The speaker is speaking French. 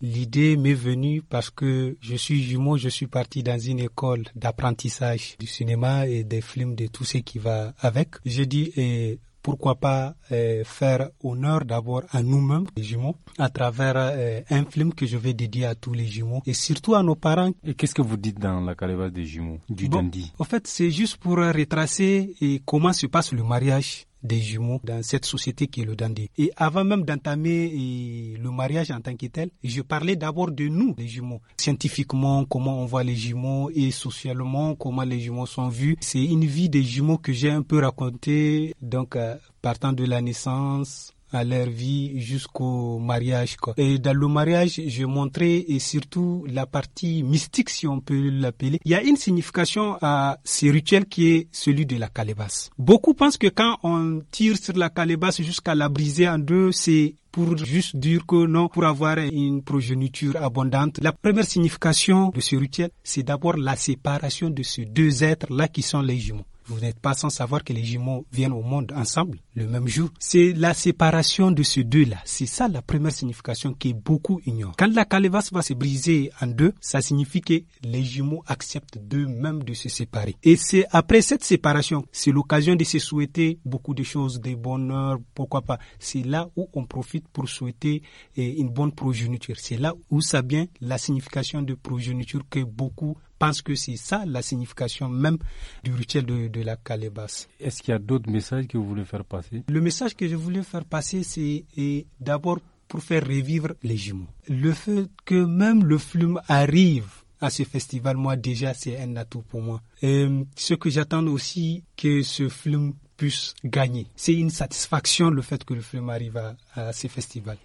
L'idée m'est venue parce que je suis jumeau, je suis parti dans une école d'apprentissage du cinéma et des films, de tout ce qui va avec. J'ai dit, et eh, pourquoi pas eh, faire honneur d'abord à nous-mêmes, les jumeaux, à travers eh, un film que je vais dédier à tous les jumeaux et surtout à nos parents. Et qu'est-ce que vous dites dans la caravane des jumeaux, du bon, dandy En fait, c'est juste pour retracer et comment se passe le mariage des jumeaux dans cette société qui est le dandy. Et avant même d'entamer le mariage en tant que tel, je parlais d'abord de nous, les jumeaux. Scientifiquement, comment on voit les jumeaux et socialement, comment les jumeaux sont vus. C'est une vie des jumeaux que j'ai un peu racontée, donc euh, partant de la naissance à leur vie jusqu'au mariage. Quoi. Et dans le mariage, je montrais et surtout la partie mystique, si on peut l'appeler. Il y a une signification à ce rituel qui est celui de la calebasse. Beaucoup pensent que quand on tire sur la calebasse jusqu'à la briser en deux, c'est pour juste dire que non, pour avoir une progéniture abondante. La première signification de ce rituel, c'est d'abord la séparation de ces deux êtres-là qui sont les jumeaux. Vous n'êtes pas sans savoir que les jumeaux viennent au monde ensemble le même jour. C'est la séparation de ces deux-là. C'est ça la première signification qui est beaucoup ignorent. Quand la calebasse va se briser en deux, ça signifie que les jumeaux acceptent d'eux-mêmes de se séparer. Et c'est après cette séparation, c'est l'occasion de se souhaiter beaucoup de choses, des bonheurs, pourquoi pas. C'est là où on profite pour souhaiter eh, une bonne progéniture. C'est là où ça vient la signification de progéniture que beaucoup pense que c'est ça la signification même du rituel de, la calebasse. Est-ce qu'il y a d'autres messages que vous voulez faire passer Le message que je voulais faire passer, c'est d'abord pour faire revivre les jumeaux. Le fait que même le flume arrive à ce festival, moi déjà, c'est un atout pour moi. ce que j'attends aussi, que ce film puisse gagner. C'est une satisfaction le fait que le film arrive à ce festival.